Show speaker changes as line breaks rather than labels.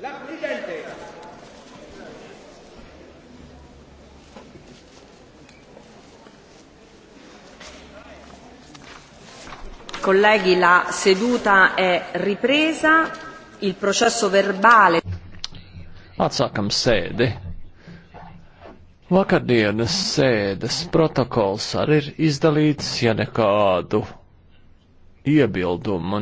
La Presidente.
Colleghi, la seduta è ripresa. Il processo verbale.
Atsākam sēdi. Vakardienas sēdes protokols arī ir izdalīts, ja nekādu iebildumu